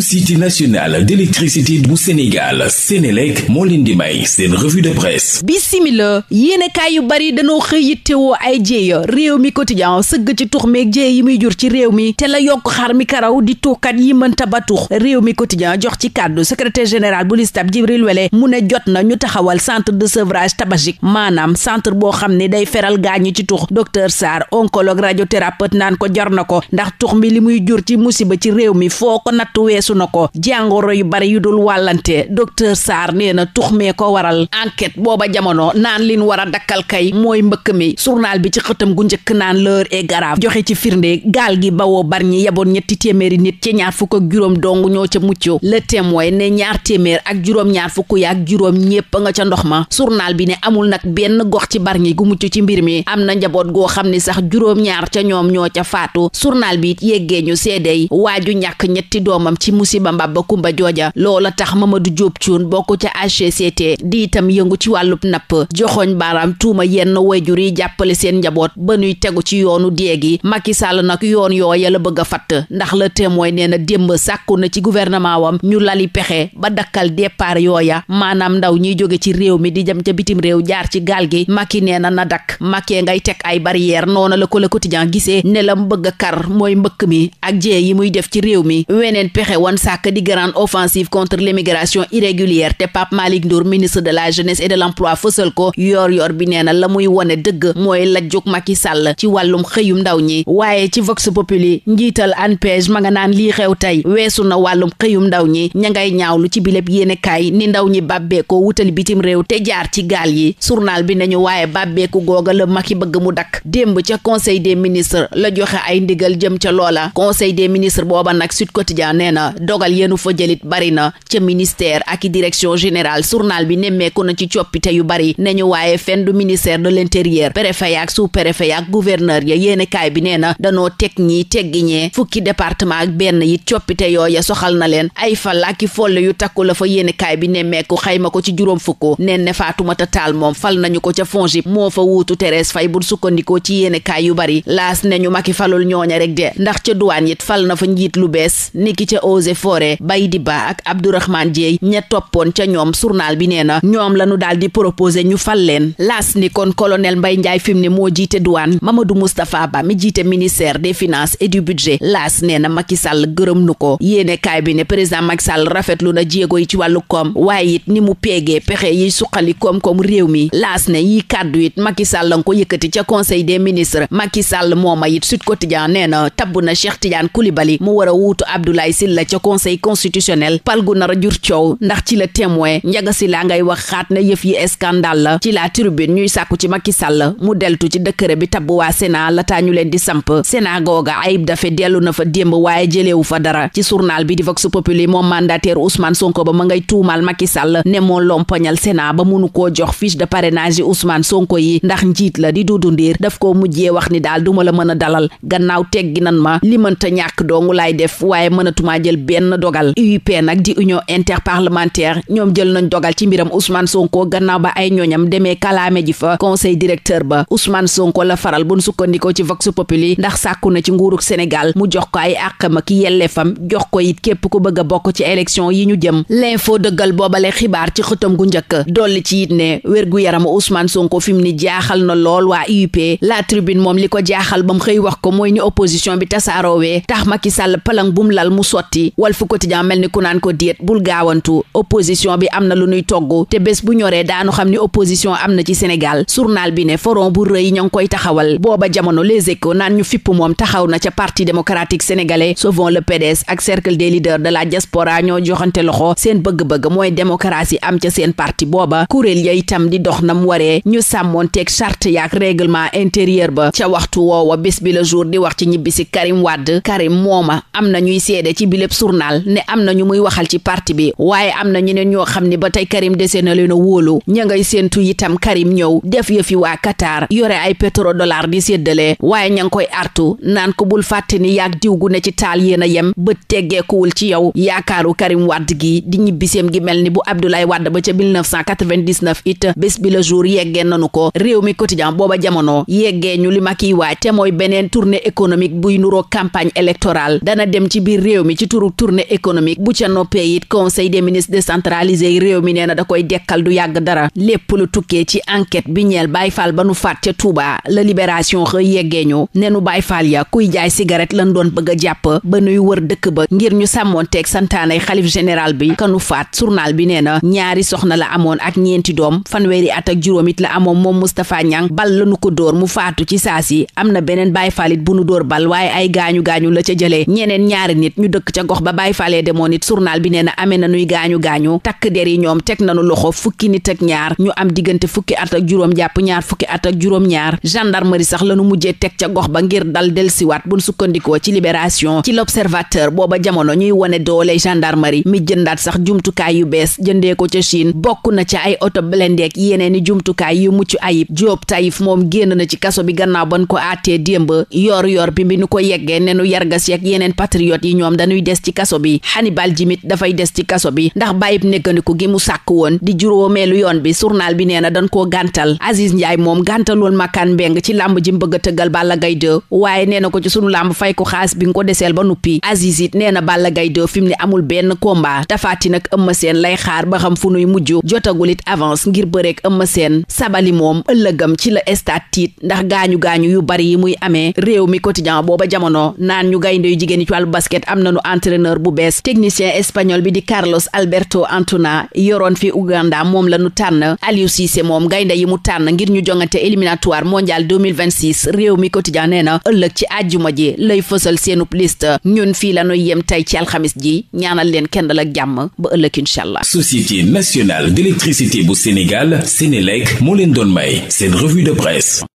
société nationale d'électricité bu Sénégal Sénélec moo leen di may seen revue de presse bisimila yu bari dañoo xëy yittewoo ay jéeya réew mi quotidien sëgg ci tux meeg jéey yi muy jur ci réew mi te la yokk xar mi karaw di kat yi man ba tux réew mi quotidien jox ci kàddu secrétaire général bu listab Jibril Wele mu ne jot na ñu taxawal centre de sevrage tabagique maanaam centre boo xam ne day feral gaañu ci tux docteur Sarr oncologue radiothérapeute naan ko jar na ko ndax tux mi li muy jur ci musiba ci réew mi foo ko nattu wees weesu na ko jàngoro yu bari yu dul wàllante docteur Sarr nee na tux mee ko waral enquête booba jamono naan lin war a dakkal kay mooy mbëkk mi journal bi ci xëtam gu njëkk naan l'heure est grave joxe ci firnde gaal gi bawoo bar ñi yaboon ñetti téeméeri nit ci ñaar fukk ak juróom dong ñoo ca mucc le témoin ne ñaar téeméer ak juróom-ñaar fukk ya ak juróom ñépp nga ca ndox ma journal bi ne amul nag benn gox ci bar ñi gu mucc ci mbir mi am na njaboot goo xam ne sax juróom-ñaar ca ñoom ñoo ca faatu journal bi yéggee ñu seedeey waaju ñàkk ñetti doomam ci musiba ba kumba jooja loola tax Mamadou Diop Thioune bokk ca HCCT di itam yëngu ci wàllub napp joxoñ baaraam tuuma yenn wayjur yi jàppale seen njaboot ba nuy tegu ci yoonu gi déegi Macky Sall nag yoon yooya la bëgg a fatt ndax la témoin nee na démb sàkku na ci gouvernement wam ñu lali pexe ba dakkal yoo ya maanaam ndaw ñiy jóge ci réew mi di jëm ca bitim réew jaar ci gaal gi Macky nee na na dakk Macky ngay teg ay barrière noona la ko le gisee ne bëgg a mooy mbëkk mi ak jee yi muy def ci réew mi ne woon sàkk di grande offensive contre l'immigration irrégulière te Pape Malick Ndour ministre de la jeunesse et de l'emploi fësal ko yoor yoor bi nee la muy wone dëgg mooy la jóg Macky Sall ci wàllum xëyum ndaw ñi waaye ci vox populi njiital ANPEJ ma nga naan lii xew tey weesu na wàllum xëyum ndaw ñi ña ngay ñaawlu ci bileb yéenekaay ni ndaw ñi bàbbeekoo wutali bitim réew te jaar ci gaal yi journal bi nañu waaye bàbbeeku googa la Macky bëgg mu dakk démb ca conseil des ministres la joxe ay ndigal jëm ca loola na dogal yenu fa jëlit bari na ca ministère ak i direction générale journal bi nemmeeku na ci coppite yu bari ñu waaye fen du ministère de l'intérieur préfet yaak sous préfet yaak gouverneur ya yéene kaay bi nee na danoo teg ñi teggi ñee fukki département ak benn yi coppite yooya soxal na leen ay fal ak i folle yu takku fa yéene bi nemmeeku xayma ko ci juróom fukk neen ne Faatumata Taal moom fal nañu ko ca FONGIP moo fa wuutu Thérèse fay bu sukkandikoo ci yéene yu bari eaux et forêt Baydi Ba ak Abdourahmane Dieye ña toppoon ca bi nee na ñoom la ñu daal di proposé ñu fal leen laas ni kon colonel Mbaye Ndiaye fi mu ne moo jiite douane Mamadou Moustapha Ba mi jiite ministère des finances et du budget laas nee na Macky Sall gërëm nu ko yéene kaay bi ne président Macky Sall rafetlu na jéego yi ci wàllu koom waaye it ni mu peegee pexe yi suqali koom-koom réew mi laas ne yi kàddu it Macky Sall la ko yëkkati ca conseil des ministres Macky Sall mooma it Sud Quotidien nee na tabb na Cheikh Tidiane Koulibaly mu war wuutu Abdoulaye Sylla ca conseil constitutionnel pal gu nar a jur coow ndax ci la témoin njaga si laa ngay wax xaat na yëf yi scandale la ci la tribune ñuy sàkku ci Macky Sall mu deltu ci dëkkëre bi tabb waa la lataa ñu leen di samp sénat googa ayib dafe dellu na fa démb waaye jëleewu fa dara ci journal bi di vox populi moom mandataire Ousmane Sonko ba ma ngay tuumal Macky Sall ne moo lompoñal sénat ba mënu ko jox fiche de parrainage yi Sonko yi ndax njiit la di Doudou Ndir daf koo mujjee wax ni daal duma la mën a dalal gannaaw teggi nan ma li ñàkk doongu laay jël benn dogal UIP nag di union interparlementaire ñoom jël nañ dogal ci mbiram Ousmane Sonko gannaaw ba ay ñooñam demee kalaame ji fa conseil directeur ba Ousmane Sonko la faral bu nu sukkandikoo ci Vox Populi ndax sàkku na ci nguuruk Sénégal mu jox ko ay àqam yelle fam jox ko it képp ku bëgg bokk ci élection yi ñu jëm foo dëggal boobale xibaar ci xëtam gu njëkk dolli ci it ne wérgu yaramu Ousmane Sonko fi mu ni jaaxal na lool waa UIP la tribune moom li ko jaaxal ba mu wax ko mooy ni yi Walf Quotidien mel ni ku naan ko diet bul gaawantu opposition bi am na lu nuy togg te bés bu ñoree daanu xam ni opposition am na ci Sénégal journal bi ne forum bu rëy ña ngi koy taxawal booba jamono Les Échos naan ñu fipp moom taxaw na ca parti démocratique sénégalais Sauvons le PDS ak cercle des leaders de la diaspora ñoo joxante loxo seen bëgg-bëgg mooy démocratie am ca seen parti booba kuréel ya itam di dox mu waree ñu sàmmoon teeg charte yaak règlement intérieur ba ca waxtu woowa bés la jour di wax ci ñibbisi Karim Wade Karim mooma am journal ne am na ñu muy waxal ci parti bi waaye am na ñeneen ñoo xam ne ba tey Karim dese na leen a wóolu ña ngay séentu itam Karim ñëw def yëfi waa Qatar yore ay pétrodollar di séddale waaye ña ngi koy artu naan ko bul fàtte ni yaag diw gu ne ci taal yéen a yem bët teggeekuwul ci yow yaakaaru Karim Wade gi di ñibbiseem gi mel ni bu Abdoulaye Wade ba ca 1999 it bés bi le jour yeggee nanu ko réew mi quotidien booba jamono yeggee ñu li ma kiy waaj te mooy beneen tournée économique buy nuroo campagne électorale turu tournée économique bu ca noppee it conseil des ministres décentralisé yi réew mi nee na da koy dekkal du yàgg dara lépp lu tukkee ci enquête bi ñeel Baay Faal ba nu faat ca Tuuba la libération xëy yeggee ñu ne nu Baay Faal ya kuy jaay cigarette lan doon bëgg a jàpp ba nuy wër dëkk ba ngir ñu sàmmoon teeg santaanay xalif général bi kanu faat journal bi nee na ñaari soxna la amoon ak ñeenti doom fanweeri at ak juróom it la amoon moom Moustapha Niang bal lanu ko dóor mu faatu ci gox ba Baye Fall demoon it journal bi nee na amee na nuy gaañu gaañu takk der yi ñoom teg nanu loxo fukki nit ak ñaar ñu am diggante fukki at ak juróom jàpp ñaar fukki at ak juróom-ñaar gendarmerie sax lanu mujjee teg ca gox ba ngir dal delsiwaat buñ sukkandikoo ci libération ci l'observateur booba jamono ñuy wone doole gendarmerie mi jëndaat sax jumtukaay yu bees jëndee ko ca Chine bokk na ca ay oto blendeek yeneeni jumtukaay yu mucc ayib Jóob moom génn na ci kaso bi gannaaw ban ko àttee démb yor yor bi bi nu des ci kaso bi Hannibal Jimit dafay des ci kaso bi ndax bàyyib nekkandiku gi mu sàkk woon di juróomeelu yoon bi journal bi nee dan dañ koo gàntal Aziz Ndiaye moom gàntaloon Makan Mbeng ci làmb ji mbëgg a tëggal Balla Gaye 2 waaye nee ko ci sunu làmb fay ko xaas bi nga ko deseel ba nuppi Aziz it nee na Balla Gaye 2 fi mu ne amul benn combat tafaati nag Eumeu Sène lay xaar ba xam fu nuy mujj jotagul it avance ngir bëreek Eumeu Sène sabali moom ëllëgam ci la stade tiit ndax gaañu yu bari yi muy amee mi quotidien booba jamono naan ñu gaynde yu jigéen yi entraîneur bu bees technicien espagnol bi di Carlos Alberto Antuna yoroon fi Uganda moom la ñu tànn Aliou Cissé moom gaynde yi mu tànn ngir ñu jongante éliminatoire mondial 2026 réew mi quotidien nee na ëllëg ci àjjuma ji lay fësal seenub liste ñun fii la nu yem tey ci alxamis ji ñaanal leen kenn dal ak jàmm ba ëllëg incha allah. Société nationale d'électricité bu Sénégal Sénélec moo leen doon may seen revue de presse.